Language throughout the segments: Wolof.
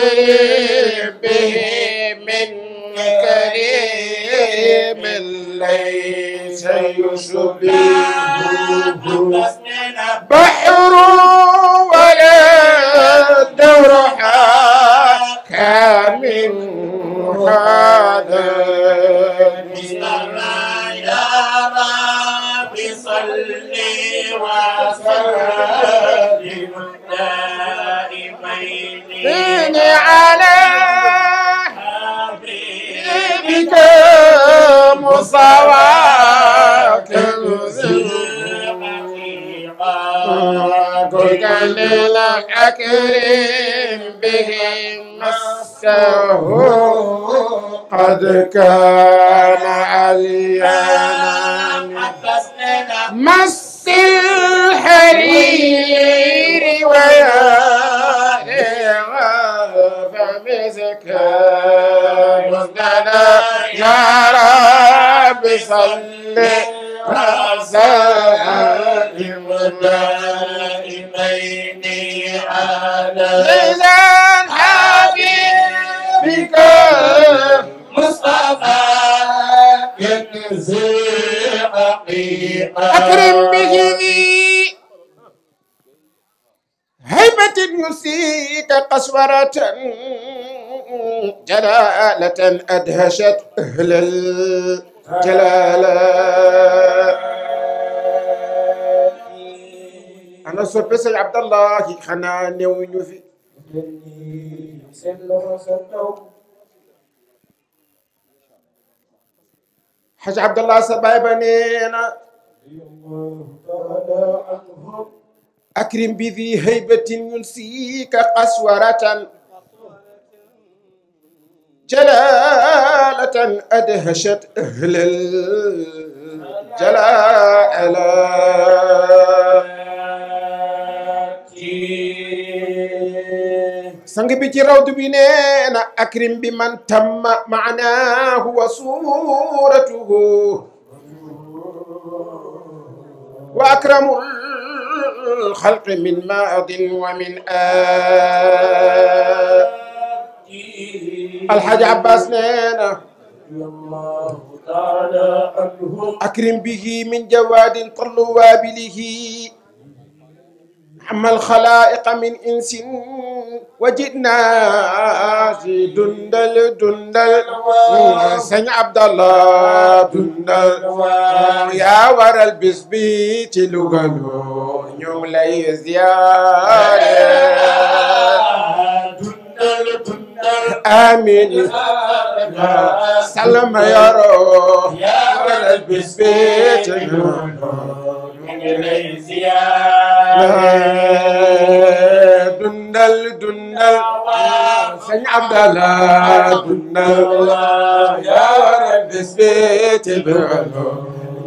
तेरे قد كان عليا مس الحرير ويا فمسك مزدنا يا رب صل رسائل دائمين على مصطفى ينزل حقيقة أكرم بجذي هيبة نسيت قسورة جلالة أدهشت أهل الجلالة أنا صرت بس عبد الله خنا نيو نيو في حج عبد الله سباي بنينا أكرم بذي هيبة ينسيك قسورة جلالة أدهشت أهل الجلالة سانغي بيتي راود بينينا أكرم بمن تم معناه وصورته وأكرم الخلق من ماض ومن آه الحاج عباس نينا أكرم به من جواد طلوا بله عم الخلائق من إنس wajitnaa si dundal dundal sëñ Abdallah dundal yaa waral bis bi ci Louga ñu ngi lay ziyaare dundal dundal amiin salama yoroo yaa waral bis bi ci Louga lay ziyaare dundal dundal sëñ Abdala dundal yaa waral bés bi ci biralo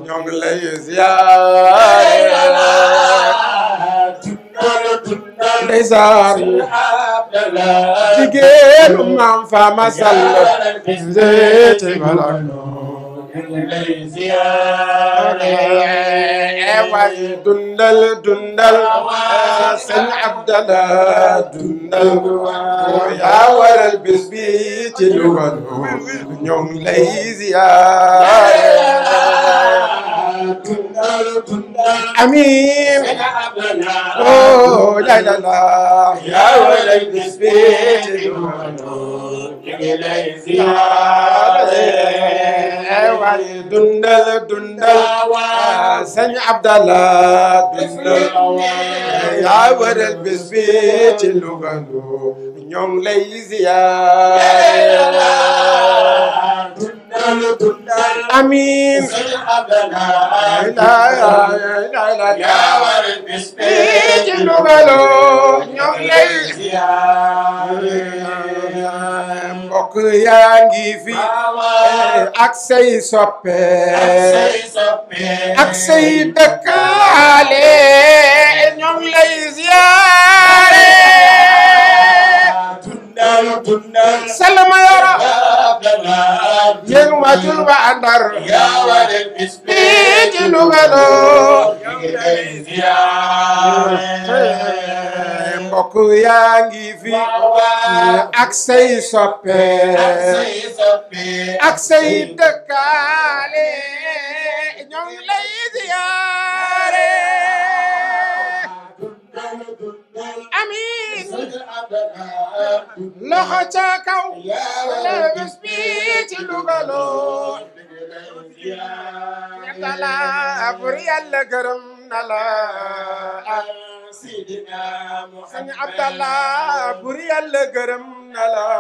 ñoo ngi lay ziyaare dundal dundal ndeysaan jigéen maam faama sall bés bi ci biralo دندل دندل سن عبدنا دندل يا ورا البسبيت الوان يوم ليزي امين اوه لا لا لا يا ولد البسبيت الوان يوم ليزي waay dundal dundal sëñ Abdala dundal yaa waral bés bi ci Louga ñoom lay ziyaar dundal dundal amiin sëñ Abdala yaa waral bés bi ci Louga ñoom lay ziyaar mbokk yaa ngi fi ak say soppe ak say dëkkaale ñoom lay ziyaare dundal dundal salama ya rabbana yéen matul ba andar yaa wale bisbi ci Louga loo ñoom lay ziyaare mbokk yaa ngi fi ak say soppe ak say dëkkaale ñoo ngi lay ziyaare amiin loxo ca kaw la bés bi ci dugaloo yàlla la bur yàlla gërëm la sidina Muhammad sëñ Abdallah bur yàlla gërëm na la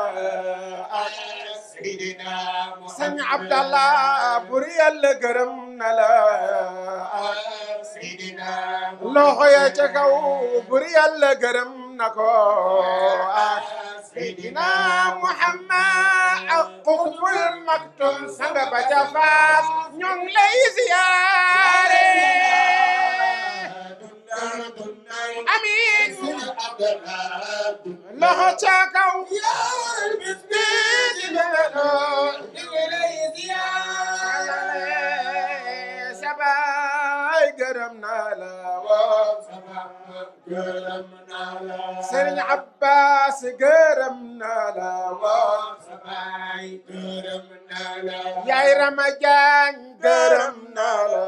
ak ko amiin loxo ca kaw sabaay gërëm naa la Serigne Abbas gërëm naa la yaay Rama Jaañ gërëm naa la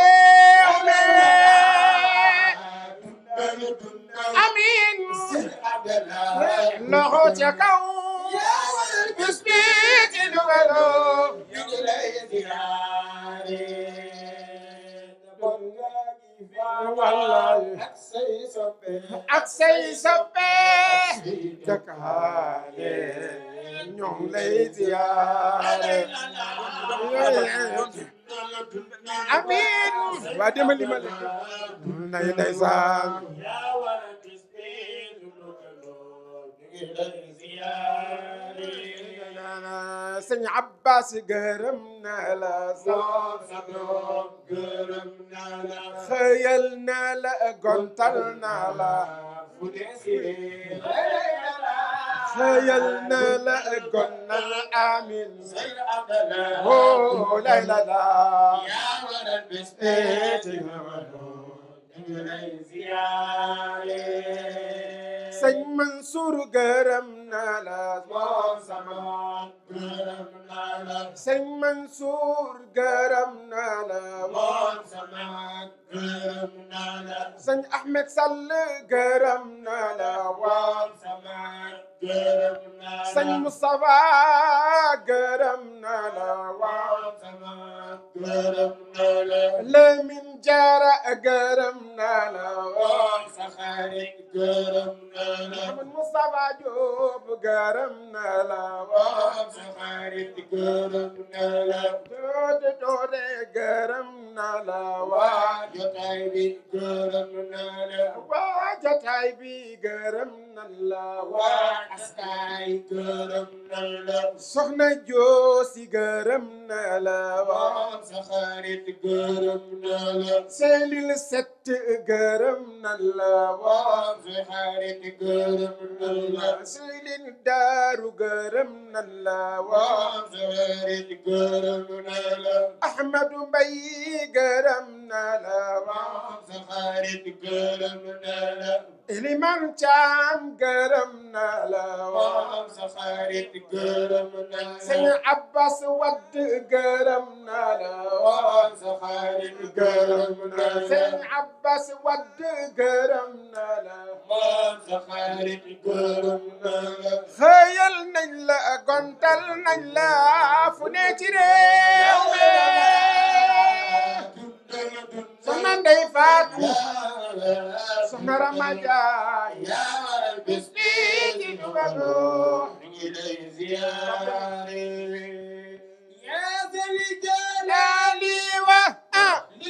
Yeah. wallaay ak say soppe ak say soppe jakaale ñoom lay ziyaare amiin waa demal li ma lekk nay ndeysaan yaa war a gis سني عباس قرمنا لا قرمنا لا خيلنا لا قنطلنا لا خيلنا لا قلنا الامين لا لا لا يا ولد بسيتي سي منصور قرمنا la waaw sama gërëm naa la sëñ Mansour gërëm naa la waaw sama gërëm naa la sëñ Ahmed Sall gërëm naa la waaw sama gërëm naa la sëñ Moustapha gërëm naa la waaw sama gërëm naa la Lamine Diarra gërëm naa la waaw sa xarit gërëm naa la Moustapha Diop bopp garam naa la waaw sa xarit gërëm naa la doode doode garam naa la waa jotaay bi gërëm naa la waa jotaay bi gërëm naa la waa askaay gërëm naa la soxna joosi gërëm naa la waaw sa xarit gërëm naa la selil set gërëm nan la borom si xarit gërëm nan la silin daaru gërëm nan la borom si xarit gërëm nan la Ahmadu Mbay gërëm na la borom si xarit gërëm na la liman caam gërëm na la waaw sa xarit gërëm na la sëñ Abbas Wadd gërëm na la waaw sa xarit gërëm na la sëñ Abbas Wadd gërëm na la waaw sa xarit gërëm na la xëyal nañ la gontal nañ la fu ne ci réew mi soxna Ndeye Fatou soxna Rama Ndiaye bis bi ci Louga ngi lay ziyaare yaa zali jalaali wa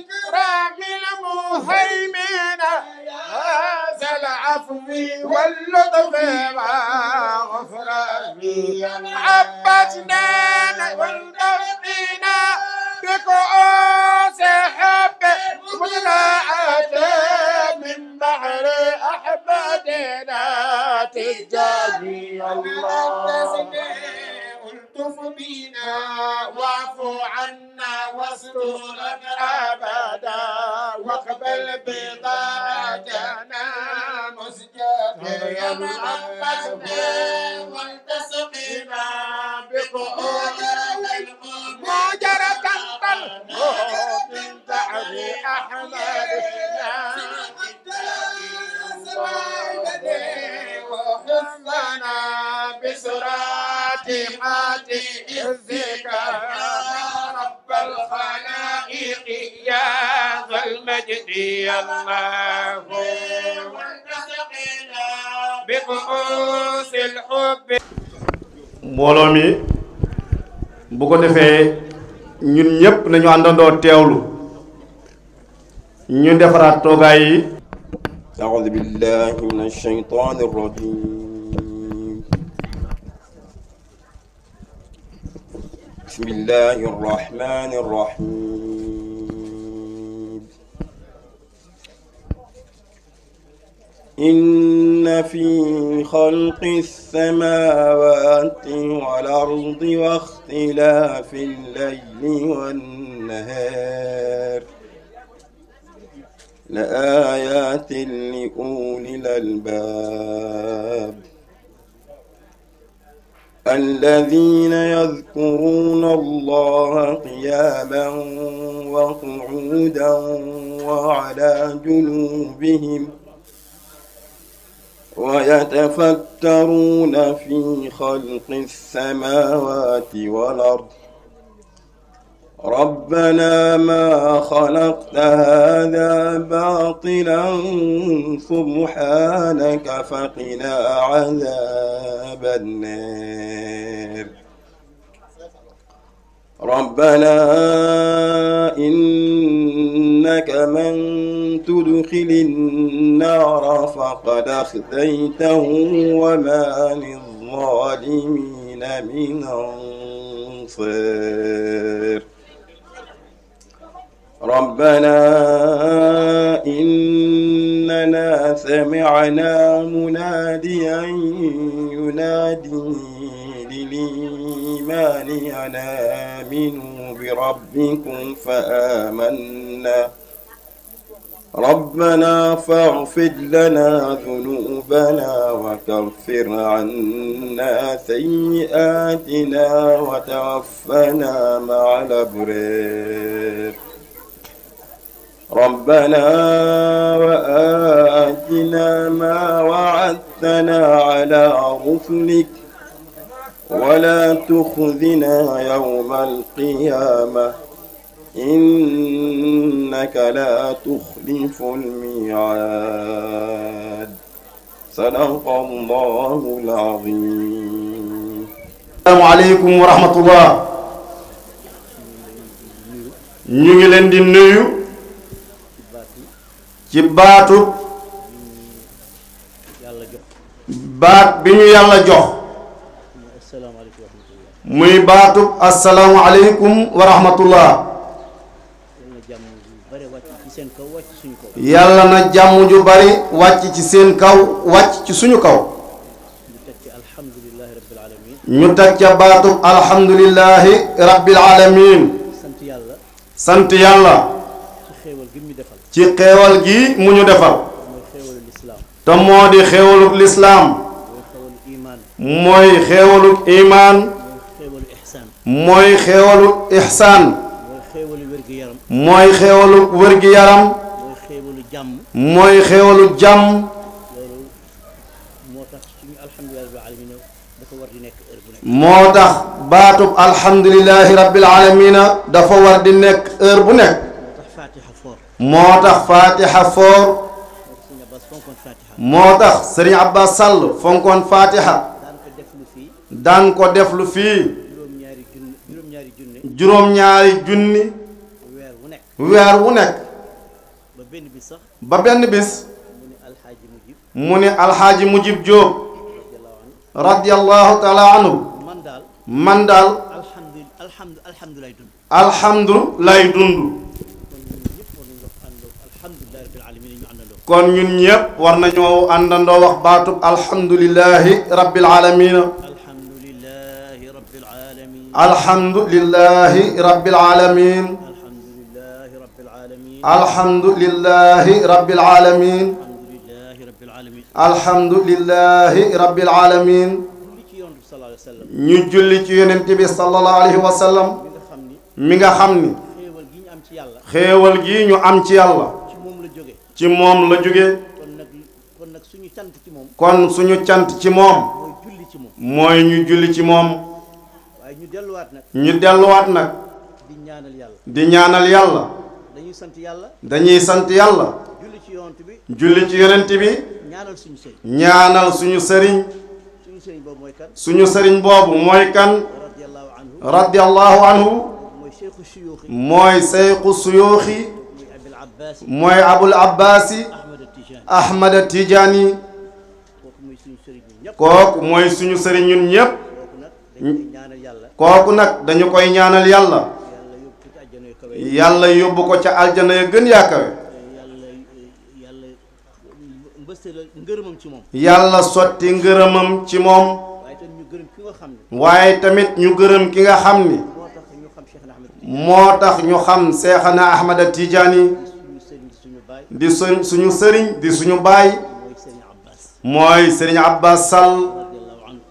إكرامنا مهيمنا هذا العفو واللطف وغفراني حبتنا وانتقينا بكؤوس حب ولا من بحر أحبابنا تجاري الله الطف بنا عنا واستر أبدا واقبل بضاجنا مسجد يا محمد والد mbooloo mi bu ko defee ñun ñépp nañu àndandoo teewlu ñu defaraat toogaay yi أعوذ بالله من الشيطان الرجيم بسم الله الرحمن الرحيم إن في خلق السماوات والأرض واختلاف الليل والنهار لآيات لأولي الألباب الذين يذكرون الله قياما وقعودا وعلى جنوبهم ويتفكرون في خلق السماوات والأرض ربنا ما خلقت هذا باطلا سبحانك فقنا عذاب النار ربنا إنك من تدخل النار فقد أخذيته وما للظالمين من أنصار ربنا إننا سمعنا مناديا ينادي للإيمان أن آمنوا بربكم فآمنا ربنا فاغفر لنا ذنوبنا وكفر عنا سيئاتنا وتوفنا مع الأبرار ربنا وآتنا ما وعدتنا على رسلك ولا تخذنا يوم القيامة إنك لا تخلف الميعاد صدق الله العظيم السلام عليكم ورحمة الله نيجي لندن نيو ci baatu baat bi ñu yàlla jox muy baatu assalaamu aleykum wa rahmatullah yàlla na jàmm ju bari wàcc ci seen kaw wàcc ci suñu kaw ñu teg ca baatub alhamdulillahi rabbil alamin sant yàlla ci xéewal gi mu ñu defal te moo di xéewaluk lislaam mooy xéewaluk imaan mooy xéewaluk ixsaan mooy xéewaluk yaram mooy xéewaluk jàmm moo tax baatub rabbil alamina dafa war di nekk heure bu nekk moo tax faatiha foor moo tax sëriñ Abbas Sall fonkoon faatiha daan ko def lu fii juróom-ñaari junni weer wu nekk ba benn bis mu ne alxaaji mujib jóob radiyallahu taala anhu man daal alxamdu lay dund kon ñun ñëpp war nañoo àndandoo wax baatub alhamdulilahi rabbil aalamiina alhamdulilahi rabbil aalamiin alhamdulilahi rabbil aalamiin alhamdulilahi rabbil aalamiin ñu julli ci yonent bi sallallahu alayhi wa sallam mi nga xam ni xéewal gii ñu am ci yàlla ci moom la jóge kon nag suñu cant ci moom kon suñu cant ci moom mooy ñu julli ci moom waaye ñu delluwaat nag ñu delluwaat nag ñaanal yàlla di ñaanal yàlla dañuy sant yàlla dañuy sant yàlla julli ci yonent bi julli ci yonent bi ñaanal suñu sëriñ suñu sëriñ suñu sëriñ boobu mooy kan suñu sëriñ boobu mooy kan radiyallahu mooy abul abbaasi ahmada tijaani kooku mooy suñu sëriñ ñun ñépp kooku nag dañu koy ñaanal yàlla yàlla yóbbu ko ca aljana ya gën yaa kawe yàlla sotti ngërëmam ci moom waaye tamit ñu gërëm ki nga xam ni moo tax ñu xam seexana ahmada tijaani di suñ suñu sëriñ di suñu baay mooy sëriñ Abbas Sall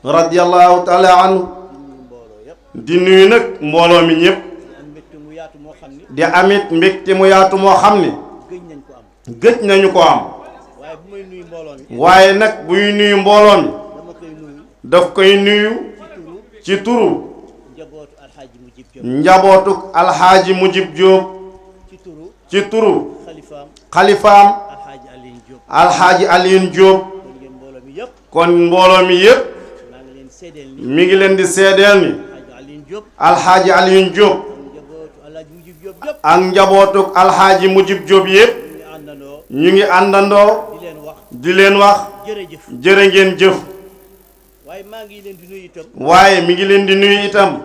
radiyallahu taala anhu di nuyu nag mbooloo mi ñëpp di amit mbégte mu yaatu moo xam ne gëj nañu ko am waaye nag bu ñu nuyu mbooloo mi daf koy nuyu ci turu njabootuk alxaaji mujib jóob ci turu xalifaam alxaaji Alioune Diop kon mbooloo mi yëpp mi ngi leen di seedeel ni alxaaji Alioune Diop ak njabootuk alxaaji Mujib Diop yëpp ñu ngi àndandoo di leen wax jërë ngeen jëf waaye mi ngi leen di nuyu itam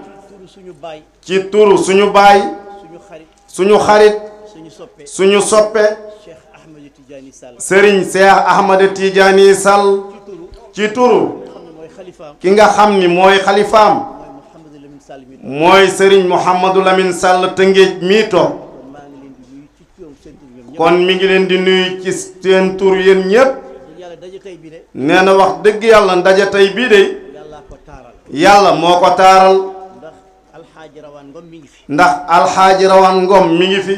ci turu suñu baay suñu xarit suñu soppe sëriñ Seex Ahmada Tijaani Sall ci turu ki nga xam ni mooy xalifaam mooy sëriñ Mouhamadou Lamine Sall Tëngéej mii kon mi ngi leen di nuyu ci seen tur yéen ñépp nee na wax dëgg yàlla ndaje tey bii de yàlla moo ko taaral ndax alxaaji ngom mi ngi fi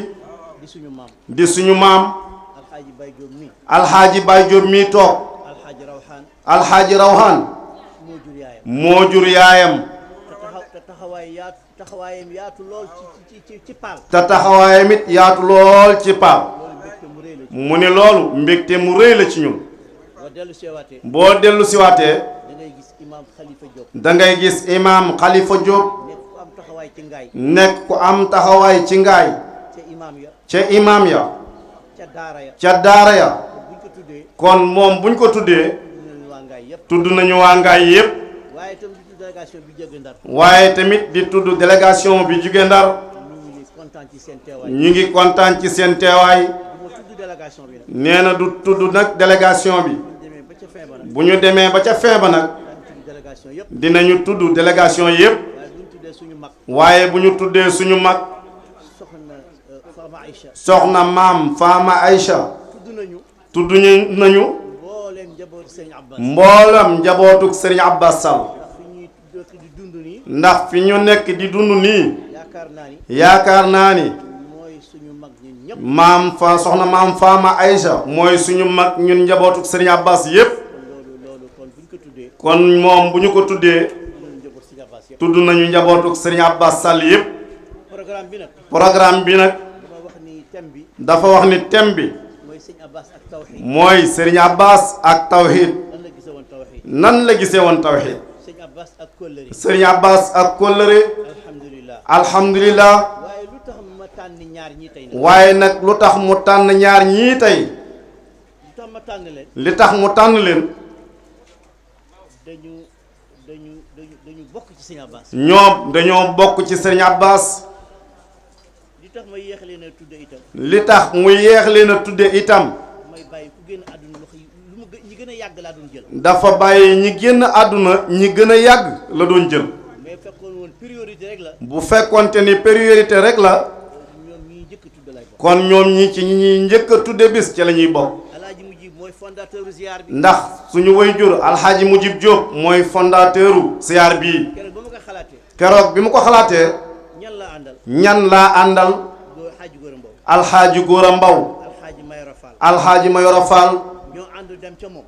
di suñu maam alxaaji Baay Jóob mii toog alxaaji Rawxaan moo jur yaayam te taxawaayam yaatu lool ci paal lool ci mu ne loolu mbégte mu rëy la ci ñun boo dellu siwaatee da ngay gis imaam Xalifa Jóob nekk ku am taxawaay ci ngaay ca imaam ya ca daara ya kon moom buñ ko tuddee tudd nañu waa Ngaay yépp waaye tamit di tudd délégation bi jóge Ndar ñu ngi kontaan ci seen teewaay nee na du tudd nag délégation bi bu ñu demee ba ca fin ba nag dinañu tudd délégation yépp waaye bu ñu tuddee suñu mag soxna maam Fama Aïcha tudd nañu mboolem njabootuk sëriñ Abbas Sall ndax fi ñu nekk di dund nii yaakaar naa ni maam fa soxna maam faama Aïcha mooy suñu mag ñun njabootuk sëriñ Abbas yépp kon moom bu ñu ko tuddee tudd nañu njabootuk sëriñ Abbas Sall yépp bi nag dafa wax ni thème bi mooy sëriñ Abbas ak tawxiid nan la gisee woon tawxiid sëriñ Abbas ak kóllëre alhamdulilah waaye nag lu tax mu tànn ñaar ñii tey li tax mu tànn leen ñoom dañoo bokk ci sëriñ Abbas li tax mu yéex leen a tudde itam yàgg laa doon jël. dafa bàyyi ñi génn àdduna ñi gën a yàgg la doon jël. mais fekkoon woon priorité la. bu fekkonte ni périorité rek la. kon ñoom ñi ci ñi ñuy njëkk a tudde bis ci la ñuy bokk. ndax su ñu suñu waajur alxaaji Mujib Diop mooy fondateuru siyaar bii. keroog bi mu ko xalaatee. ñan laa àndal. alxaaji Góora Mbaw. alxaaji Mayoro Fall.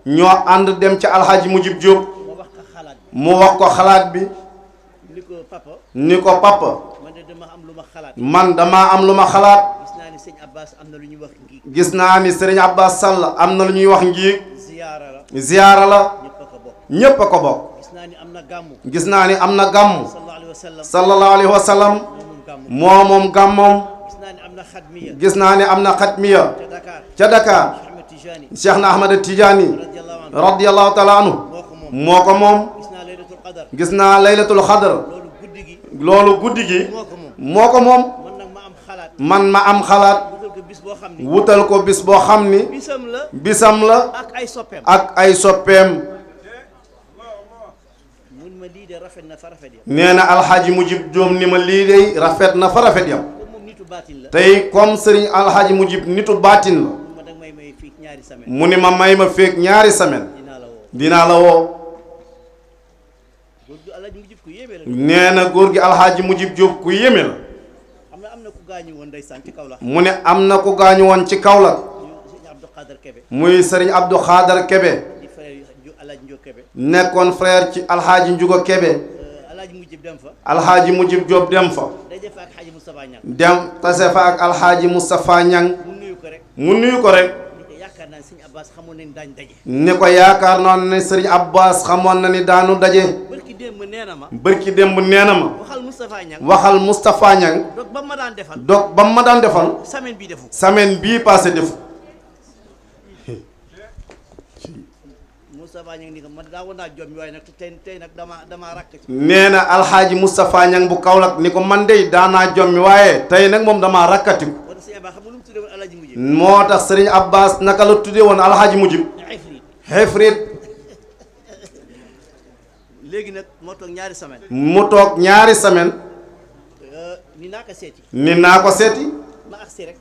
ñoo ànd dem ca alxaaji Mujib Jóob mu wax ko xalaat bi ni ko papa ni ko papa man dama am lu ma xalaat gis naa ni sëriñ Abbas Sall am na lu ñuy wax ngiig ziyaara la ñépp a ko bokk gis naa ni am na gàmm sallallahu alayhi wa sallam moo moom gàmmoom gis naa ni am na xatmiya ca Dakar Cheikh na Ahmad Tidiane radiyallahu taala anhu moo ko moom gis naa laylatul xadar loolu guddi gi moo ko moom man ma am xalaat wutal ko bis boo xam ni bisam la ak ay soppeem nee na alxaaji mujib joom ni ma lii dey rafet na fa rafet yam tey comme sëriñ alxaaji mujib nitu baatin la mu ne ma may ma feeg ñaari semaine dinaa la woo nee na góor gi alxaaji mujib jóob ku yéeme la mu ne am na ku gaañu woon ci Kaolack muy sëriñ Abdou Khader Kebe nekkoon frère ci alxaaji Njugo Kebe euh, alxaaji mujib jóob dem fa dem tase fa ak alxaaji Moustapha Ñang mu nuyu ko rek ni ko yaakaar noonu ne sëriñ Abbas xamoon na ni daanu daje. nee na ma. bërki démb nee na ma. waxal Moustapha Niang. waxal ma daan defal. dog ba ma daan defal. semaine bii defu. semaine bii passé defu. Moustapha Niang ni ko man nag tey tey nag damaa damaa bu Kaolack ni ko man dey daanaa jommi waaye tey nag moom damaa rakkatiku. moo tax sëriñ Abbas naka la tuddee woon alxaaji mujjib xefrit léegi nag moo toog ñaari semaine mu toog ñaari semaine euh, ni naa ko seeti ni naa ko seeti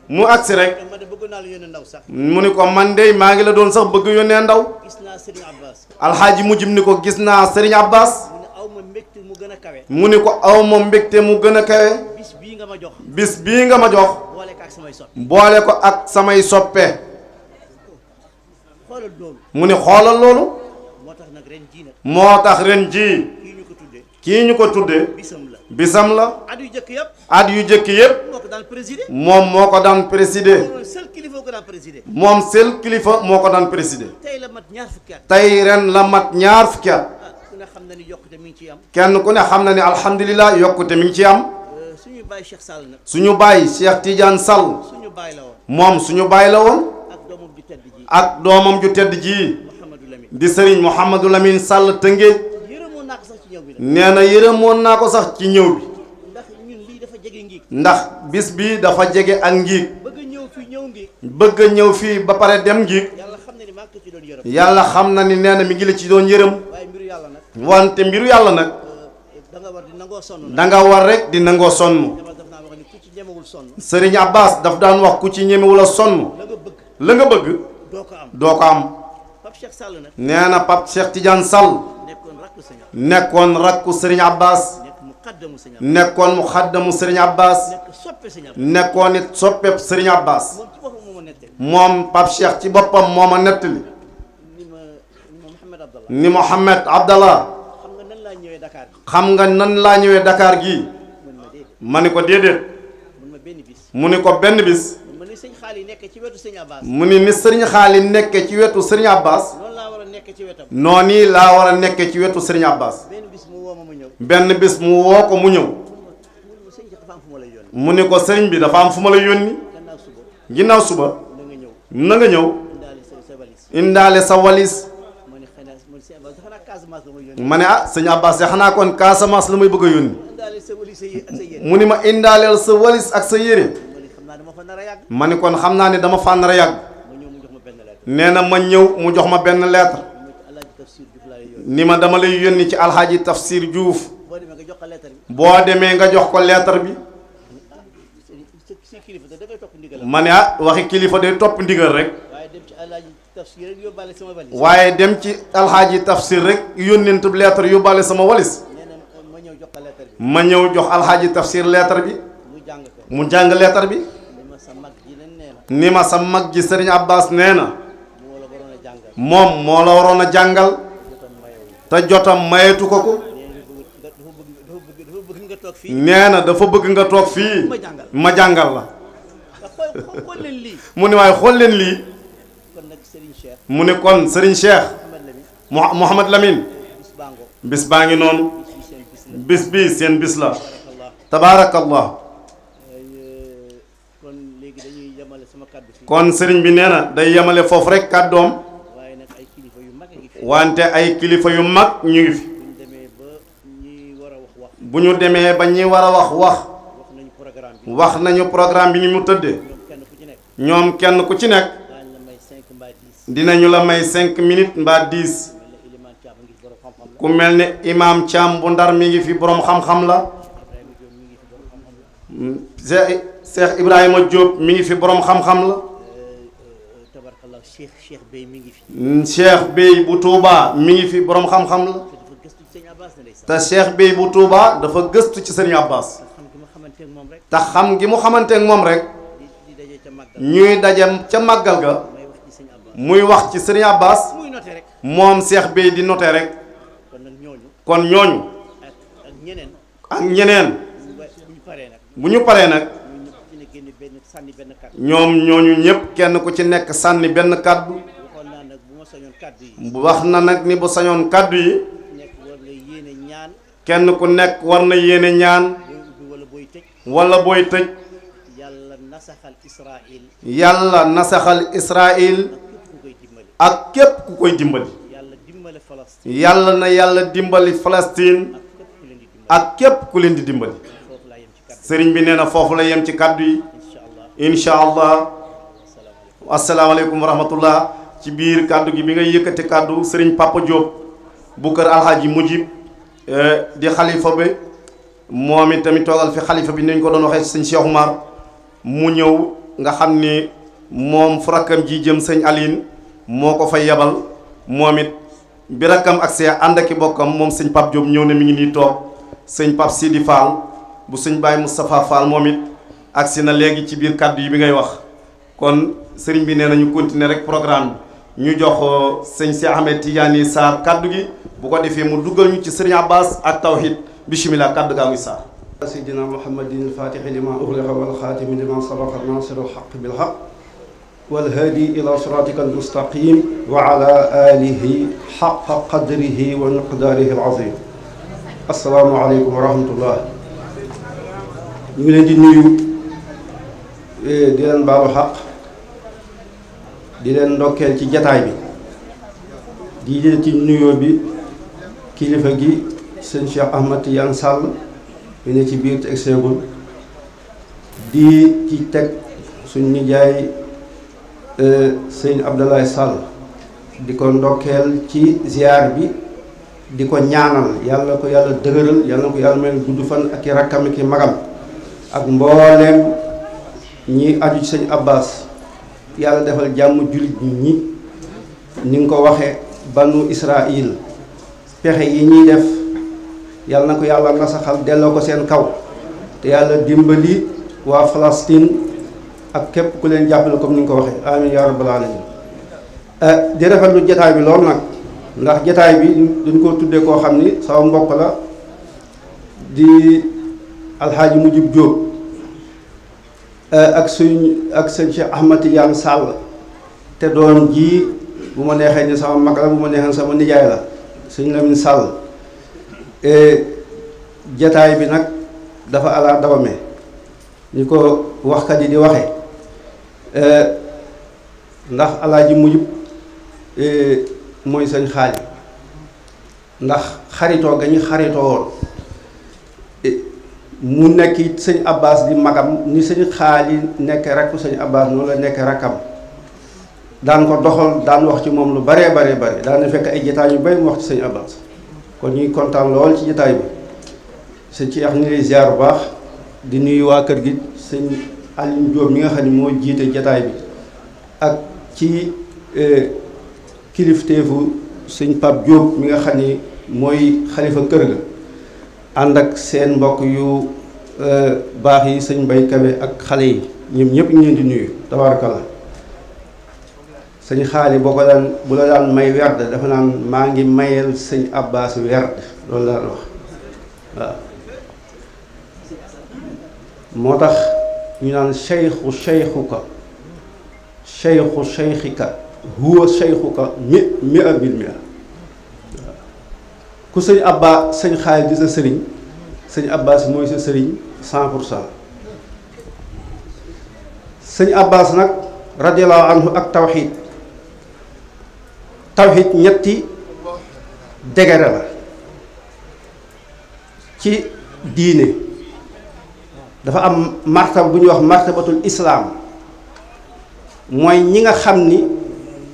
mu agsi rek mu ni ko man dey maa ngi la doon sax bëgg yónnee ndaw alxaaji mujjib ni ko gis naa sëriñ Abbas mu ni ko aw ma mbégte mu gën a kawe bis bii nga ma jox bis bii nga ma jox boole ko ak samay soppe mu ne xoolal loolu moo tax ren jii kii ñu ko tuddee bisam la at yu jëkk yépp moom moo ko daan présider moom sel kilifa moo ko daan présider tey ren la mat ñaar fukki at ah, kenn ku ne xam na ni alhamdulilah yokkute mi ngi ci am baay Cheikh Sall nag. suñu baay Cheikh Tidiane Sall. suñu baay la woon moom suñu baay la woon. ak doomam ju tedd ji doomam ju tedd ji. di Serigne Mouhamadou Lamine Sall Tëngéej. yërëmoon naa ko sax ci ñëw bi nee na yërëmoon naa ko sax ci ñëw bi. ndax ñun lii dafa jege ndax bis bi dafa jege ak ngiig. bëgg ñëw fii ñëw ngiig. bëgg ñëw fii ba pare dem ngiig. yàlla xam na ni nee na mi ngi la ci doon yërëm. wante mbiru yàlla euh, nag. da nga war rek di nangoo sonn. serigne abbas daf daan wax ku ci ñemewul a sonn la nga bëgg doo ko am pap cheikh tidiane sall nekkoon rakku serigne abbas nekkoon mu serigne abbas nekkoon it soppe serigne abbas mom pap cheikh ci boppam moma netti ni mohammed abdallah xam nga nan la ñëwé dakar gii mu ni ko benn bis. mu ni sëñ xaali nekk ci wetu sëñ Abbas. mu ni ni sëriñ xaali nekk ci wetu sëriñ Abbas. noonu laa war a nekk ci wetam. noonu laa war a nekk ci wetu sëriñ Abbas. benn bis mu woo ma mu ñëw. benn bis mu woo ko mu ñëw. mu ni ko sëriñ bi dafa am fu ma lay yónni. ginnaaw suba. na nga ñëw. indaale sa walis. ma ne ah sëñ Abbas de xanaa kon Casamance la may bëgg a yónni. mu ni ma indaaleel sa walis ak sa yére. ma ni kon xam naa ne dama faa nar a yàgg nee na ma ñëw mu jox ma benn lettre ni ma dama lay yónni ci alxaaji tafsir Diouf boo demee nga jox ko lettre bi ah, ma ne ah waxi kilifa day topp ndigal rek waaye dem ci alxaaji tafsir rek yónnentub lettre yóbbaale sama walis ma ñëw jox alxaaji tafsir lettre bi mu jàng lettre bi ni ma sa mag ji sëriñ Abbas nee na moom moo la waroon a jàngal te jotam mayetu ko ko nee na dafa bëgg nga toog fii ma jàngal la mu ne waaye xool leen lii mu ne kon sëriñ Cheikh Mouhamad Lamine bis baa ngi noonu bis bii seen bis la tabaarakallah kon sëriñ bi nee na day yemale foofu rek kàddoom wante ay kilifa yu mag ñu ngi fi bu ñu demee ba ñi war a wax wax wax nañu programme bi ni mu tëddee ñoom kenn ku ci nekk dina ñu la may cinq minutes mbaa dix ku mel ni imaam Thiam bu ndar mi ngi fi boroom xam-xam la Cheikh Ibrahima Diop mi ngi fi boroom xam-xam la cheikh cheikh Bey mi ngi fi. Mm, cheikh Bey bu Touba mi ngi fi borom xam-xam la. te cheikh Bey bu Touba dafa gëstu ci sëriñ Abbas. te xam gi mu xamanteeg moom rek. ñuy daje ca màggal ga. muy wax ci sëriñ Abbas. moom cheikh Bey di noté rek. kon ñooñu. ak ñeneen. bu bu ñu paree nag. ñoom ñooñu ñëpp kenn ku ci nekk sànni benn kàddu bu wax na nag ni bu sañoon kàddu yi kenn ku nekk war na yéene ñaan wala booy tëj yàlla nasaxal Israël ak képp ku koy dimbali yàlla na yàlla dimbali Palestine ak képp ku leen di dimbali sëriñ bi nee na foofu la yem ci kàddu yi. incha allah asalaamaaleykum wa rahmatullah ci biir kàddu gi bi ngay yëkkati kàddu sëriñ Papa Diop bu kër alxaaji mujib eh, di xalifa bi moom it tamit toogal fi xalifa bi nañ ko doon waxee sëñ Cheikh Oumar mu ñëw nga xam ni moom fu rakkam ji jëm sëñ aliin moo ko fa yebal moom it bi rakkam ak see ànd ak i bokkam moom sëñ Pape Diop ñëw ne mi ngi nii toog sëñ Pape Sidi Fall bu sëñ Baye Moustapha Fall moom it aksina legi léegi ci biir kàddu yi bi ngay wax kon sëriñ bi nee na ñu continuer rek programme bi ñu jox sëñ si Ahmed Tidiane Sarr kàddu gi bu ko defee mu duggal ñu ci sëriñ Abbas ak tawhid bismillah kàddu gaa ngi Sarr sayyidina muhammadin alfaatixi lima uxliqa walxaatimi lima sabaqa naasir alxaq bilxaq والهادي إلى صراطك المستقيم وعلى آله حق قدره ومقداره العظيم السلام عليكم ورحمة الله ñu ngi leen di nuyu Eh, di leen baalu xaq di leen ndokkeel ci jataay bi di jël ci nuyoo bi kilifa gi sëñ Cheikh Ahmad Tidiane Sall mi ne ci biir te egseegul di ci teg suñ nijaay eh, sëñ Abdoulaye Sall di ko ndokkeel ci ziar bi di ko ñaanal yàlla ko yàlla dëgëral yàlla ko yàlla may gudd fan ak i rakkam ki magam ak mbooleem ñi aju ci abbas yalla defal jamu julit ñi ñi ni nga ko waxe banu israël pexé yi ñi def yalla nako yalla yàlla nasaxal delo ko seen kaw te yalla dimbali wa Palestine ak kep ku leen jappal ko ni nga ko waxe amin ya rabbal alamin eh, di lu jotaay bi lool nak ndax jotaay bi duñ ko tuddé ko xamni sa mbokk la di alhaji Mujib jóob Euh, ak suñ ak sëñ Cheikh Ahmad Tidiane Sall te doom ji bu ma neexee ni sama mag la bu ma neexee sama nijaay la sëñ Lamine Sall e, jataay bi nag dafa alaa dawame ñu ko waxkat yi di waxee ndax alaaji mujub e, mooy sëñ xaali ndax xaritoo ga ñu xaritoo mu nekk it sëñ Abbas di magam ni sëñ xaali nekk rakku sëñ Abbas noonu la nekk rakkam daan ko doxal daan wax ci moom lu baree baree bare daan fekk ay jotaay yu bay mu wax ci sëñ Abbas kon ñuy kontaan lool ci jotaay bi sëñ Cheikh ñu lay ziar bu baax di nuyu waa kër gi sëñ Alioune Diop mi nga xam ne moo jiite jataay bi ak ci e, kilifteefu sëñ Pape Diop mi nga xam ni mooy xalifa kër ga. ànd ak seen mbokk yu e, baax yi sëñ Mbaye Kebe ak xale yi ñoom ñëpp ñu di nuyu tabarakalla sëñ xaali boo ko daan bu la daan may werd dafa naan maa ngi mayel sëñ Abbas werd loolu la daan wax waaw moo tax ñu naan seyxu seyxuka seyxu seyxika huwa seyxuka mi mi abil mi a ku sëñ abba sëñ xaal ji sa sëriñ abba abbas mooy sa sëriñ cent pour abbas nak radiallahu anhu ak tawhid tawhid ñetti degeere la ci diine dafa am martab bu ñu wax martabatul islam moy ñi nga xamni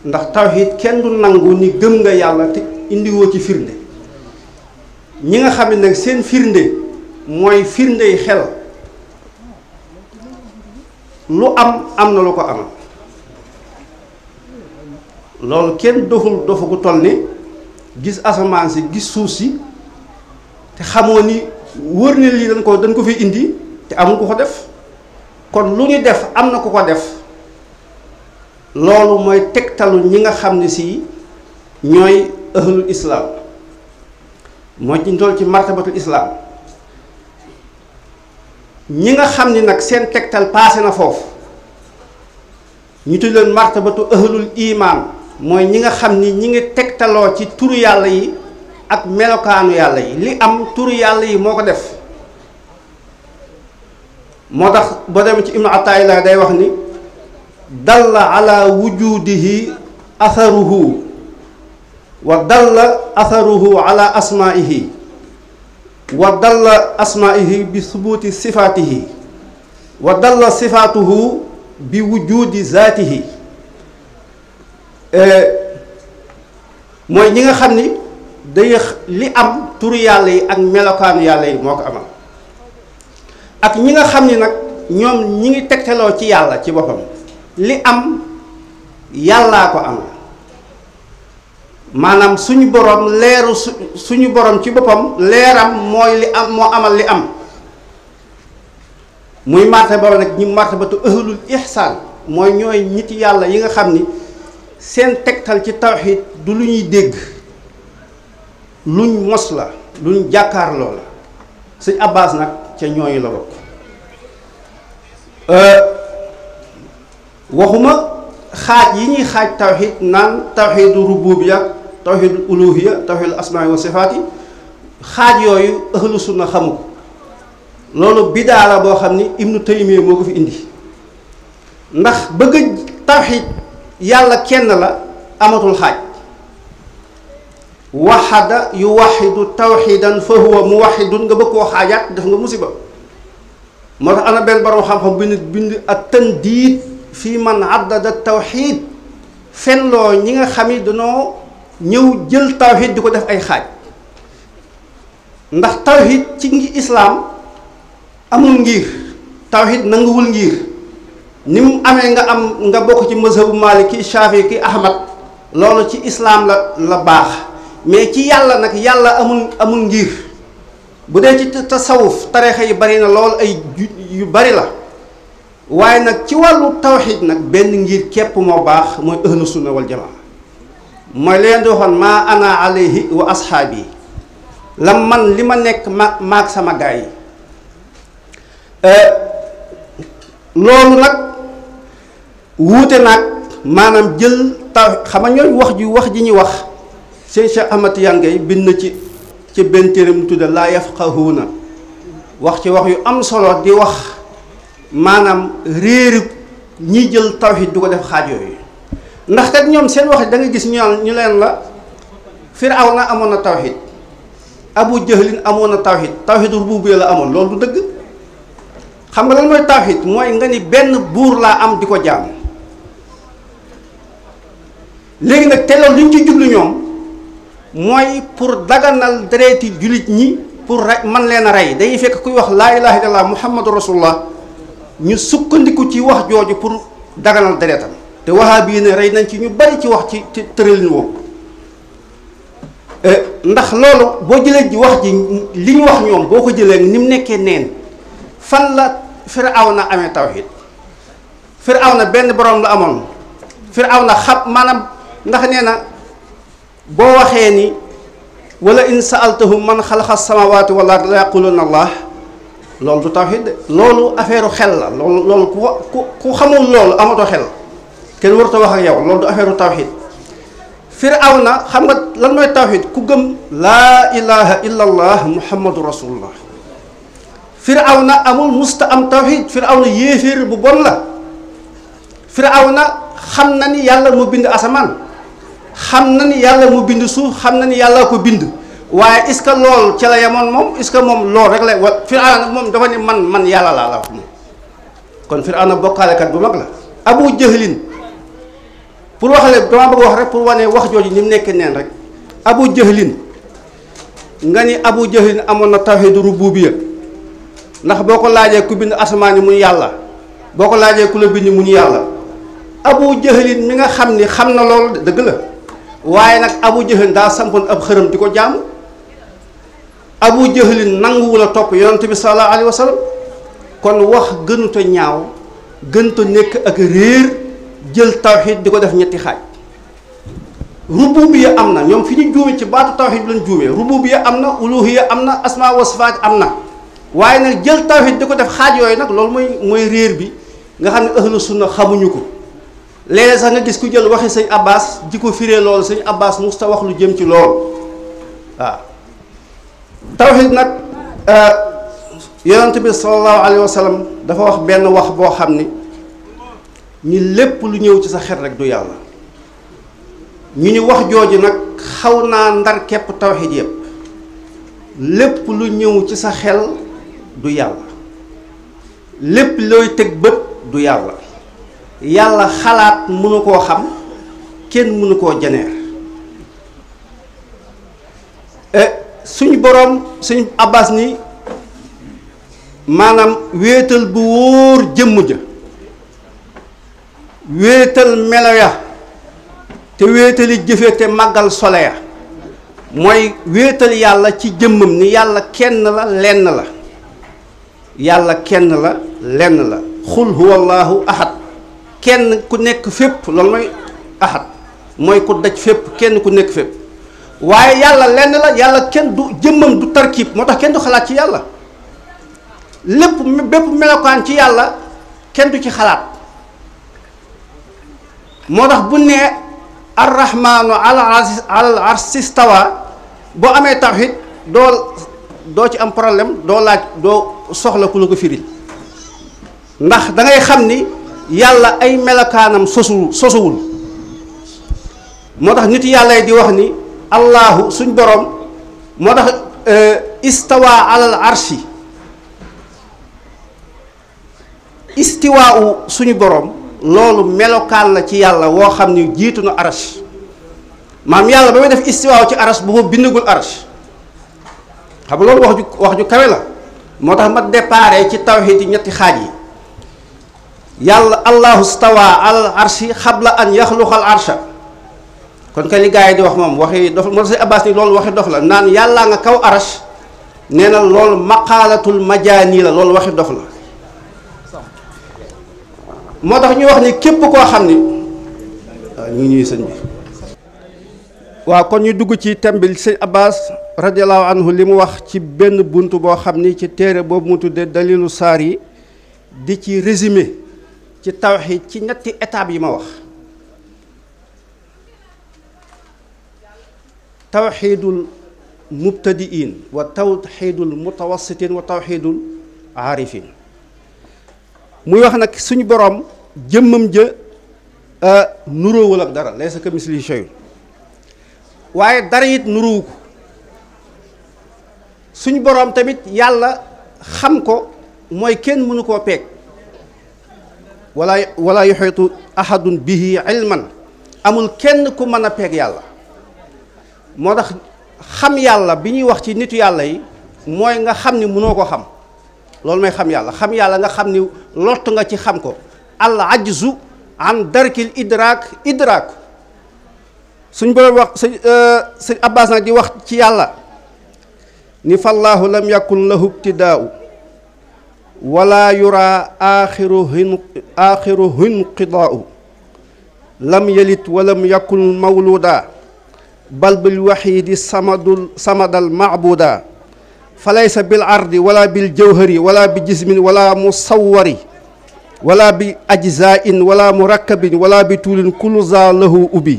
ndax tawhid kenn du nangu ni gëm nga yalla te wo ci firnde ñi nga xam ne nag seen firnde mooy firndey xel lu am am na lu ko amal loolu kenn doxul doxu gu toll ni gis asamaan si gis suuf si te xamoo ni wër ne lii dañ ko dañ ko fi indi te amul ko ko def kon lu ñu def am na ku ko def loolu mooy tegtalu ñi nga xam ne si ñooy ahlul islaam mooy ñu toll ci martabatul islaam ñi nga xam ni nag seen tegtal paase na foofu ñu tudd leen martabatu ahlul imaan mooy ñi nga xam ni ñi ngi tegtaloo ci turu yàlla yi ak melokaanu yàlla yi li am turu yàlla yi moo ko def moo tax boo demee ci ibnu ataillah day wax ni dalla ala wujudihi atharuhu ودل أثره على أسمائه ودل أسمائه بثبوت صفاته ودل صفاته بوجود ذاته موي نيغا خاني داي لي ام تور يالله اك ملوكان يالله اما اك نيغا خاني نك نيوم نيغي تكتلو سي يالله سي بوبام لي ام كو امال maanaam suñu borom leeru suñu borom ci boppam leeram mooy li am moo amal li am muy martaba ba nag ñu martabatu ahlul ihsaan mooy ñooy ñitti yàlla yi nga xam ni seen tegtal ci tawxiid du lu ñuy dégg luñ mos la luñ jàkkaarloo la sëñ Abbas nag ca ñooñu la bokk euh, waxuma xaaj yi ñuy xaaj tawxiid naan tawxiidu rububiya tawxidul uluhiya tawxidul asmaa wa sifaati xaaj yooyu ahlu sunna xamu ko loolu bidaa la boo xam ni ibnu taymiya moo ko fi indi ndax bëgg tawxid yàlla kenn la amatul xaaj waxada yu waxidu tawxidan fa huwa muwaxidun nga bëgg koo xaajaat def nga musiba moo tax ana benn borom xam-xam bind bind ak tandiid fii man addada tawxid fenloo ñi nga xam ni danoo ñëw jël tawhid di ko def ay xaaj ndax tawhid ci ngi islaam amul ngir tawhid nanguwul ngir ni mu amee nga am nga bokk ci mazhabu maliki shafi ki ahmad loolu ci islaam la la baax mais ci yàlla nag yàlla amul amul ngir bu dee ci tasawuf tarixa yi bari na lool ay yu bari la waaye nag ci wàllu tawxid nag benn ngir képp moo baax mooy ahlu sunna wal mooy leen di waxoon maa ana alayhi wa ashaabi la man li ma nekk ma maag sama gaay yi e, loolu nag wuute nag maanaam jël taw xam nga ñooy wax ju wax ji ñuy wax sëñ Cheikh Ahmad Tidiane bind ci ci benn téere mu tudde laa na wax ci wax yu am solo di wax maanaam réeri ñiy jël taw tawhid du ko def xaaj yooyu ndax kat ñom seen wax da nga gis ñu ñu leen la firawna amona tawhid abu jahlin amona tawhid tawhid rububiyya la amon loolu deug xam nga lan moy tawhid moy nga ni ben bour la am di ko jaam léegi telo te loolu liñ ci jublu ñom moy pour daganal dereeti julit ñi pour man leena ray day fekk kuy wax la ilaha illallah muhammadur rasulullah ñu sukkandiku ci wax joju pour daganal dereetam te waxaab yi ne rey nañ ci ñu bari ci wax ci ci tëralin woowu e, ndax loolu boo jëlee ji wax ji li ñu wax ñoom boo ko jëlee ni mu nekkee neen fan la Firawna amee tawhid na benn borom la amoon na xam maanaam ndax nee na boo waxee ni walla in saaltahum man xalaqa samawaati wal ard la yaquluna allah loolu du tawhid de loolu affaire xel la loolu loolu ku ku xamul loolu amatoo xel. kenn warut a wax ak yow loolu du affaire tawxid firawna xam nga lan mooy tawxid ku gëm laa ilaha illa allah muhammadu rasulullah firawna amul musta am tawxid firawna yéeféer bu bon la na xam na ni yàlla moo bind asamaan xam na ni yàlla moo bind suuf xam na ni yàlla ko bind waaye est-ce que lool ca la yemoon moom est-ce que moom lool rek la wa firawna moom dafa ne man man yàlla laa la wax moom kon firawna bokkaalekat bu mag la abu jahlin pour wax la damaa bëgg wax rek pour wane wax jooju ni mu nekk neen rek abu jëhlin nga ni abu jëhlin amoon na tawxiidu rububiya ndax boo ko laajee ku bind asamaan yi mun yàlla boo ko laajee ku la bind mu ñu yàlla abu jëhlin mi nga xam ni xam na loolu dëgg la waaye nag abu jëhlin daa sampoon ab xërëm di ko jàmm abu jëhlin nanguwu la topp yonent bi sallallahu alayhi wa sallam kon wax gënuta ñaaw gënuta nekk ak réer jël tawxid di ko def ñetti xaaj rububiya am na ñoom fi ñu juume ci baatu tawxid lañ juumee rububiya am na uluhiya am na asma wa am na waaye nag jël tawxid di ko def xaaj yooyu nag loolu mooy réer bi nga xam ne ahlu sunna xamuñu ko léeg-léeg sax nga gis ku jël waxi sëñ abbas di ko firee loolu sëñ abbas mus ta wax lu jëm ci lool waaw nag euh, yonent bi sallallahu alayhi wa dafa wax benn wax boo xam ni ni lepp lu ñew ci sa xet rek du yalla ñu ñu wax jooju nak xawna ndar kep tawhid yeb lepp lu ñew ci sa xel du yalla lepp loy tek bët du yalla yalla xalaat mënu ko xam kenn mënu jener jeneer e, suñu borom suñu abbas ni manam wétal bu wóor jëmm ja wéetal melo ya te wéetali jëfe te màggal sole ya mooy wéetal yàlla ci jëmmam ni yàlla kenn la lenn la yàlla kenn la lenn la xul huwallaahu ahad kenn ku nekk fépp loolu mooy ahad mooy ku daj fépp kenn ku nekk fépp waaye yàlla lenn la yàlla kenn du jëmmam du tarkiib moo tax kenn du xalaat ci yàlla lépp bépp melokaan ci yàlla kenn du ci xalaat moo bu ne rahman al arsi stawa bo amé tawhid do do ci am problème do laaj do soxla ku lako firil ndax da ngay xamni yalla ay melakanam sosul sosuwul moo nit yalla di wax ni allahu suñ borom moo eh, istawa Al-Arsi istiwau suñu borom lolu melokal la ci yalla wo xamni jitu no na aras maam yàlla ba istiwa def istiwa ci aras bu bindugul aras xam lolu wax ju wax ju kawé la motax ma déparé ci tawhid ñetti yi allahu stawa al arshi khabla an al arsha kon kay li gaay di wax mom waxi dof mo sa abbas ni lolu waxi dof la nan yalla nga kaw aras nee lolu maqalatul majani la lolu waxi dof la moo tax ñu wax ni képp koo xam ni ñu ngi ñuy sëñ bi waaw kon ñu dugg ci tembil sëñ Abbas radiallahu anhu li mu wax ci benn bunt boo xam ni ci téere boobu mu tuddee dalilu saar yi di ci résumé ci tawxiid ci ñetti étape yi ma wax tawxiidul mubtadiin wa tawxiidul mutawassitin wa tawxiidul aarifin muy wax nak suñu borom jëmmam euh, nuro nuróowul ak dara laysa ka misli shay waye dara it nuro ko suñu borom tamit yalla xam ko moy kenn mënu ko pek wala wala yuhitu ahadun bihi ilman amul kenn ku mën pek yalla motax xam yalla biñuy wax ci nitu yalla yi moy nga xamni ni ko xam loolu mooy xam yàlla xam yàlla nga xamni ni nga ci xam ko al ajzu an darkil idrak idrak suñ bo wax sëñ abbas nak di wax ci yàlla ni fa allah lam yakul lahu ibtidaau wala yura akhiru hin axiru hinqidaau lam yalit wa lam yakul mawluda bal bil waxiidi samadul samadal maabuda فليس بالعرض ولا بالجوهر ولا بجسم ولا مصور ولا بأجزاء ولا مركب ولا بطول كل ذا له أبي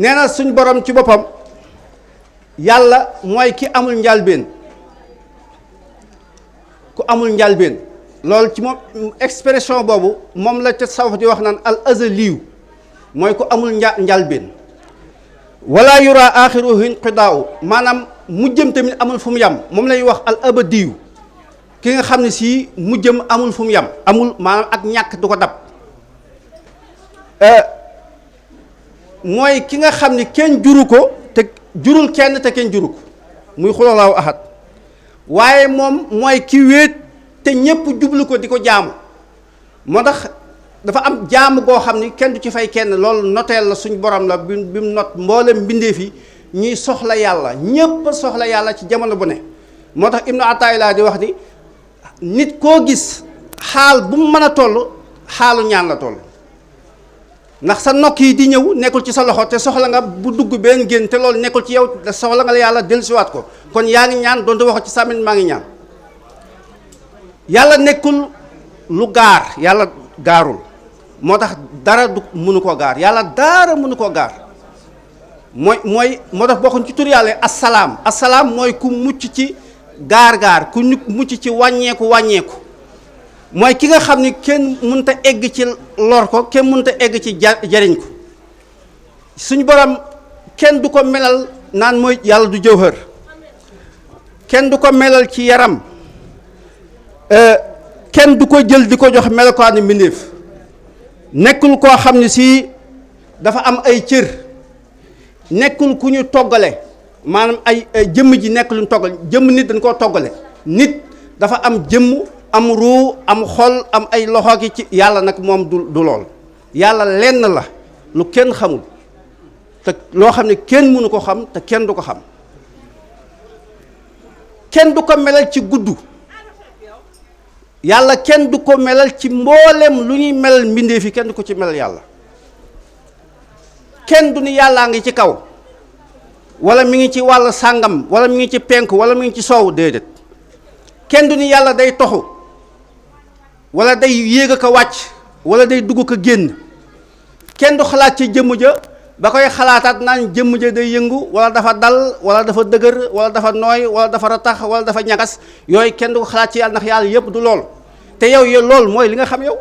نانا سن بروم تي بوبام يالا موي كي امول نجالبين كو امول نجالبين لول تي موم اكسبريسيون بوبو موم لا تي ساف دي واخ نان الازليو موي كو امول نجالبين ولا يرى اخره انقضاء مانام mu jëm tamit amul fu mu yam moom lay wax al abadiyu ki nga xam ne sii mu jëm amul fu mu yam amul maanaam ak ñàkk du ko dab euh, mooy ki nga xam ni kenn juru ko te jurul kenn te kenn juru ko muy xulallaahu ahad waaye moom mooy ki wéet te ñépp jublu ko di ko jaamu moo tax dafa am jaamu goo xam ni kenn du ci fay kenn loolu noteel la suñ borom la bi bi mu not mboolem mbindeef yi ñuy soxla yàlla ñépp soxla yàlla ci jamono bu ne moo tax im ibnu ataayilaa di wax ni nit koo gis xaal bu mu mën a toll xaalu ñaan la toll ndax sa nokk yi di ñëw nekkul ci sa loxo te soxla nga bu dugg benn génn te loolu nekkul ci yow soxla nga la yàlla dellusiwaat ko kon yaa ngi ñaan doonte waxo ci sàmmin maa ngi ñaan yàlla nekkul lu gaar yàlla gaarul moo tax dara du mënu ko gaar yàlla dara mënu koo gaar mooy mooy moo tax bokkuñ ci tur yàlla asalaam assalaam mooy ku mucc ci gaar-gaar ku mucc ci wàññeeku wàññeeku mooy ki nga xam ni kenn mënta egg ci lor ko kenn mënta egg ci ja jariñ ko suñu borom kenn du ko melal naan mooy yàlla du jëwhër kenn du ko melal ci yaram euh, kenn du ko jël di ko jox melokaanu mbindéef nekkul koo xam ne si dafa am ay cër nekkul ku ñu toggale maanaam ay jëmm ji nekk lu ñu toggale jëmm nit dañ koo toggale nit dafa am jëm am ruu am xol am ay loxo gi ci yàlla nag moom du du lool yàlla lenn la lu kenn xamul te loo xam ne kenn mënu ko xam te kenn du ko xam kenn du ko melal ci gudd yàlla kenn du ko melal ci mboolem lu ñuy melal mbindeef yi kenn du ko ci melal yàlla kenn du ni yàllaa ngi ci kaw wala mu ngi ci wàll sàngam wala mi ngi ci penk wala mi ngi ci soow déedéet kenn du ni yàlla day toxu wala day yéeg a ko wàcc wala day dugg ko génn kenn du xalaat ci jëmm ja ba koy xalaataat naan jëmm ja day yëngu wala dafa dal wala dafa dëgër wala dafa nooy wala dafa ratax wala dafa ñagas yooyu kenn du xalaat ci yàlla ndax yàlla yëpp du lool te yow yow lool mooy li nga xam yow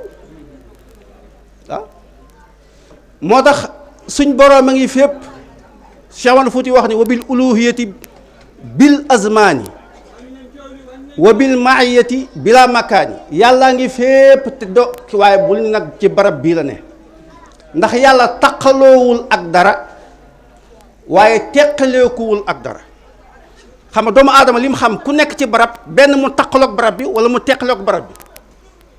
moo tax suñ boroom a ngi fépp Cheikh Fuuti wax ne wa bil uluhiyati bil azmaani wa bil maayati bila makkaani yàllaa ngi fépp te do waaye bul nag ci barab bii la ne ndax yàlla taqaloowul ak dara waaye teqaleekuwul ak dara xam nga doomu aadama li xam ku nekk ci barab benn mu taqaloog barab bi wala mu teqaloog barab bi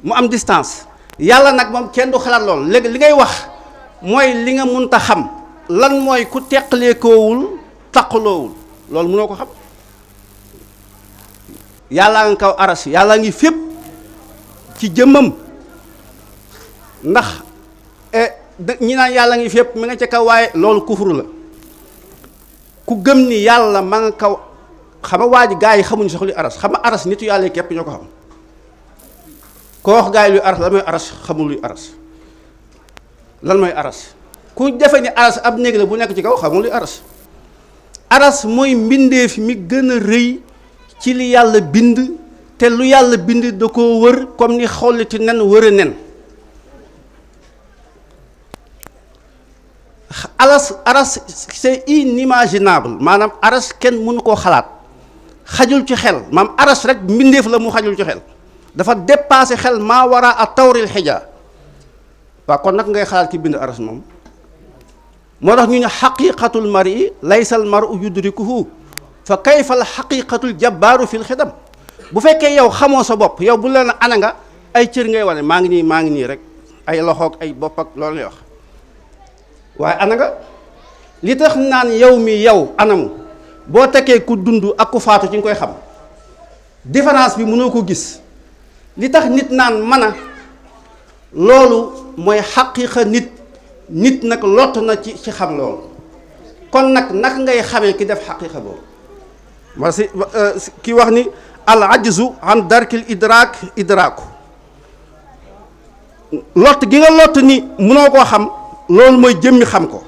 mu am distance yàlla nag moom kenn du xalaat lool li ngay wax mooy li nga munta xam lan mooy ku teqaleekoowul taqaloowul loolu mënoo ko xam yàlla nga kaw aras yàlla ngi fépp ci jëmmam ndax eh, ñi naan yàlla ngi fépp mu nga ca kaw waaye loolu kufru la ku gëm ni yàlla ma nga kaw xama waa gaa yi xamuñu sax luy aras xama aras nitu yàlla képp ñoo ko xam ko wax gaa yi luy aras la mooy aras xamul luy aras lan moy aras ku defe ni aras ab néeg la bu nek ci kaw xamul li aras aras mooy mbindeef mi gëna reuy ci li yàlla bind te lu yàlla bind da ko wër comme ni xolati nen wër nen aras aras c'est inimaginable manam aras ken mënu ko xalat xajul ci xel mam aras rek mbindeef la mu xajul ci xel dafa dépasser xel maa waraa a tawril xija wa kon nak ngay xalaat ci bind aras mom motax tax ñu ne xaqiqatul mari laysal maru yudrikuhu fa kayfa al jabbar fi fil khidam. bu fekke yow xamoo sa bop yow bu leen ana nga ay ngay wane mangni ngi ngi rek ay loxok ay bop ak lool lay wax waaye ana nga li tax naan yow mi yow anam bo kudundu ku dundu ak ku faatu ci ngoy xam différence bi mënoo ko gis li tax nit naan mana lolu moy haqiqa nit nit nak lot na ci ci xam lool kon nak nak ngay xamé ki def haqiqa bo ma ki wax ni al ajzu an dark al idrak idrak lot gi nga lot ni mënoo ko xam lool moy jëmmi xam ko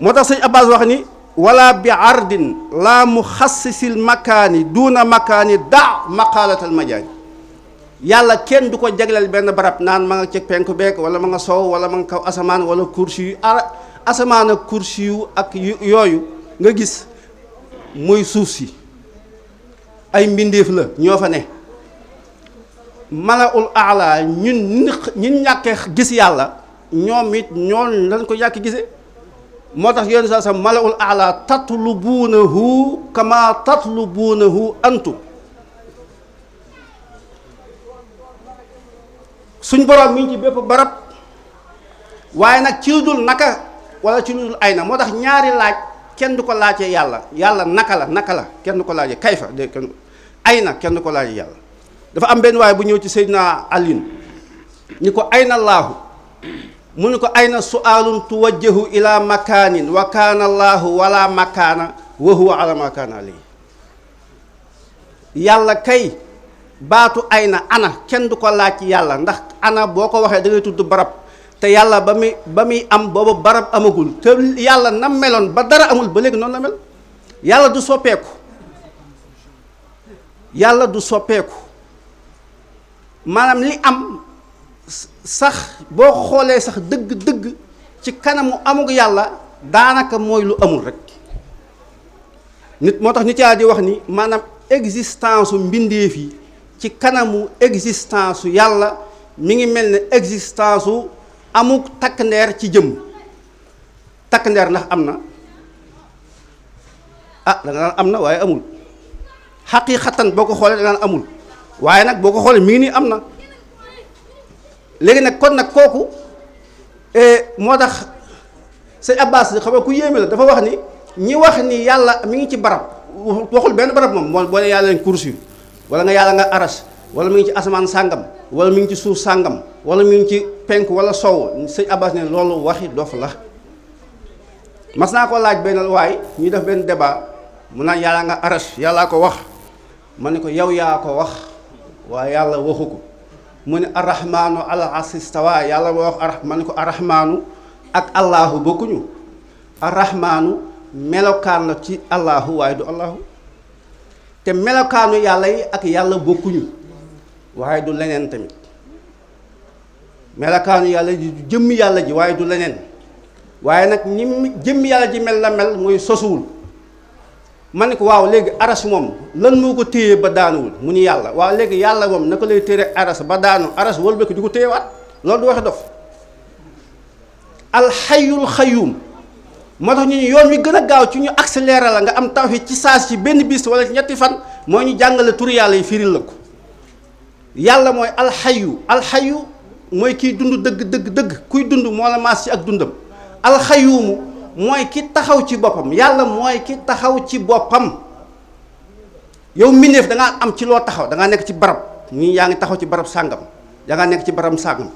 motax seigne Abbas wax ni wala bi ardin laa muxassisil makaani duuna makaani da maqaalatal majaani yàlla kenn du ko jagleel benn barab naan ma nga ceg penku beek wala ma nga soow wala ma nga kaw asamaan wala kursi yu ara ak kursi yu ak yooyu nga gis muy suuf si ay mbindeef la ñoo fa ne malaul aala ñun ñun ñàkkee gis yàlla ñoom it ñoon lañ ko yàkk gise moo tax yéen saa sa malaul ala tatlubuunahu kama tatlubuunahu antu suñ boroom mi ngi ci bépp barab waaye nag ci lu dul naka wala ci lu dul ay na moo tax ñaari laaj kenn du ko laajee yàlla yàlla naka la naka la kenn du ko laajee kayfa de kenn ay na kenn du ko laajee yàlla dafa am benn waaye bu ñëw ci Seydina alin ni ko ay na laahu mu ne ko ay na tuwajjahu ila makaanin wa kaana allaahu wala makaana wa huwa ala makaana yàlla kay baatu ay na ana kenn du ko laaj yàlla ndax ana boo ko waxee da ngay tudd barab te yàlla ba muy ba muy am booba barab amagul te yàlla na meloon ba dara amul ba léegi noonu la mel yàlla du soppeeku yàlla du soppeeku maanaam li am sax boo ko xoolee sax dëgg-dëgg ci kanamu amug yàlla daanaka mooy lu amul rek nit moo tax nit yaa di wax ni maanaam existence su mbindeef yi ci kanamu existence su yàlla mi ngi mel ne existence su amug takk ndeer ci jëm takk ndeer ndax am na ah da nga naan am na waaye amul xaqiqatan boo ko xoolee da daan amul waaye nag boo ko xoolee mi ngi nii am na. léegi nag kon nag kooku eh, moo tax sëñ Abbas xam nga ku yéeme la dafa wax ni ñi wax ni yàlla mi ngi ci barab waxul benn barab moom moo boo ne yàlla leen kursi wala nga yàlla nga aras wala mi ngi ci asamaan sàngam wala mu ngi ci suuf sàngam wala mi ngi ci penk wala sow sëñ Abbas ne loolu waxi dof la mas naa ko laaj benn waay ñuy def benn débat mu naan yàlla nga aras yàllaa ko wax ma ne ko yow yaa ko wax waaye yàlla waxu ko mu ne arrahmaanu ala asistawa yàlla moo wax ar ma ne ko arrahmaanu ak allahu bokkuñu arrahmaanu melokaan la ci allahu waaye du allahu te melokaanu yàlla yi ak yàlla bokkuñu waaye du leneen tamit melokaanu yàlla ji du jëmm yàlla ji waaye du leneen waaye nag ni jëmm yàlla ji mel la mel mooy sosuwul ma ne ko waaw léegi aras moom lan moo ko téye ba daanuwul mu ni yàlla waaw léegi yàlla moom naka lay téere aras ba daanu aras wëlbéki di ko téyewaat loolu du waxe dof alxayul xayum moo tax ñu ne yoon wi gën a gaaw ci ñu accéléré la nga am tawhid ci saas ci benn bis wala ñetti fan moo ñu jàngale tur yi firil la ko yàlla mooy alxayu alxayu mooy kiy dund dëgg dëgg dëgg kuy dund moo la maas ci ak dundam alxayumu moy ki taxaw ci bopam yalla moy ki taxaw ci bopam yow minef da nga am ci lo taxaw da nga nek ci barab ni yaa ngi taxaw ci barab sangam da nga nek ci barab sangam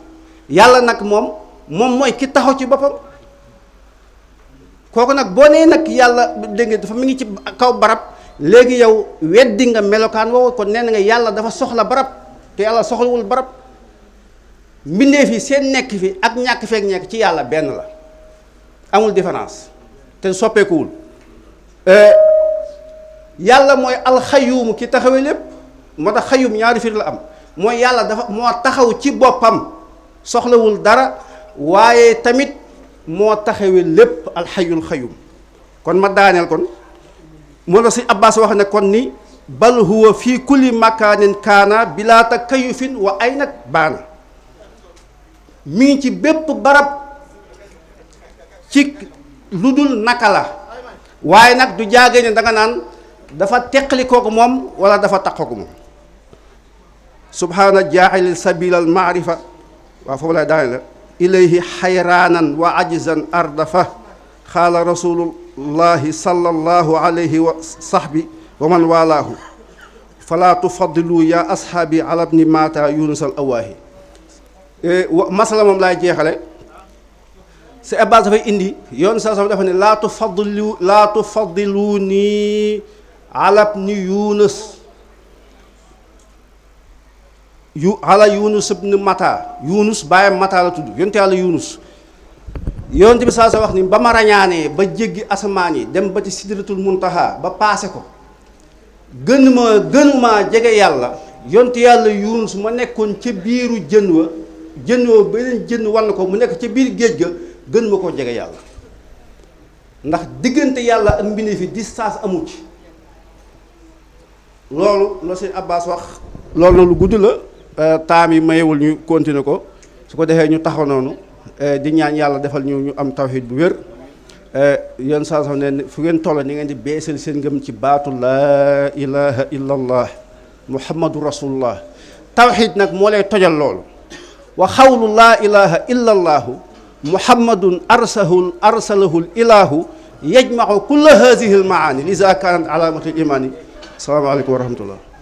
yalla nak mom mom moy ki taxaw ci bopam koko nak boo nak nag yàlla dégg nga dafa mi ngi ci kaw barab legi yow weddi nga melokan wo kon ne nga yalla dafa soxla barab te yàlla soxlawul barab mbindeef yi seen fi ak ñak fek ci yalla ben la amul différence te euh yàlla al khayyum ki taxawé lépp moo tax xayuum ñaari fir la am moy yàlla dafa mo taxaw ci bopam soxlawul dara waye tamit mo taxawé lépp hayyul khayyum kon ma daanel kon mo la si Abbas wax ne kon ni bal huwa fi kulli makanin kana bila takayufin wa ay nag mi ci bépp barab ci lu dul naka la waaye nag du jaage ne da naan dafa teqali moom wala dafa taqooku moom subhaana jaaxili sabila al maarifa waaw foofu lay daane la ilayhi xayraanan wa ajizan ardafa xaala rasulullahi sallallahu alayhi wa sahbi wa man walaahu falaa tufadilu yaa ashaabi ala bni maata yunus awaahi e, masala moom laay jeexale si abbas fay indi yon sa dafa ne la tufaddilu la tufaddiluni ala ibn yunus yu ala yunus ibn mata yunus bayam mata la tuddu yonte ala yunus yonte bi sa sa wax ni bama rañane ba jeggi asmani dem ba ci sidratul muntaha ba passé ko gënuma gënuma jégué yalla yonte yalla yunus ma nekkon ci biiru jënwa jënwa benen jënwa wal ko mu nekk ci biir gën ma koo jege yàlla ndax diggante yàlla ak mbindeef yi distance amut ci loolu la sëñ Abbas wax loolu nag lu gudd la euh, taam yi mayewul ñu continuer ko su ko defee ñu taxaw noonu euh, di ñaan yàlla defal ñu ñu am tawxiid bu wér euh, yoon saa sax ne fu ngeen toll ni ngeen di beesal seen ngëm ci baatu laa ilaha illallah muhammadu rasulullah tawxiid nag moo lay tojal loolu wa laa ilaha illallahu محمد أرسله أرسله الإله يجمع كل هذه المعاني لذا كانت علامة الإيمان السلام عليكم ورحمة الله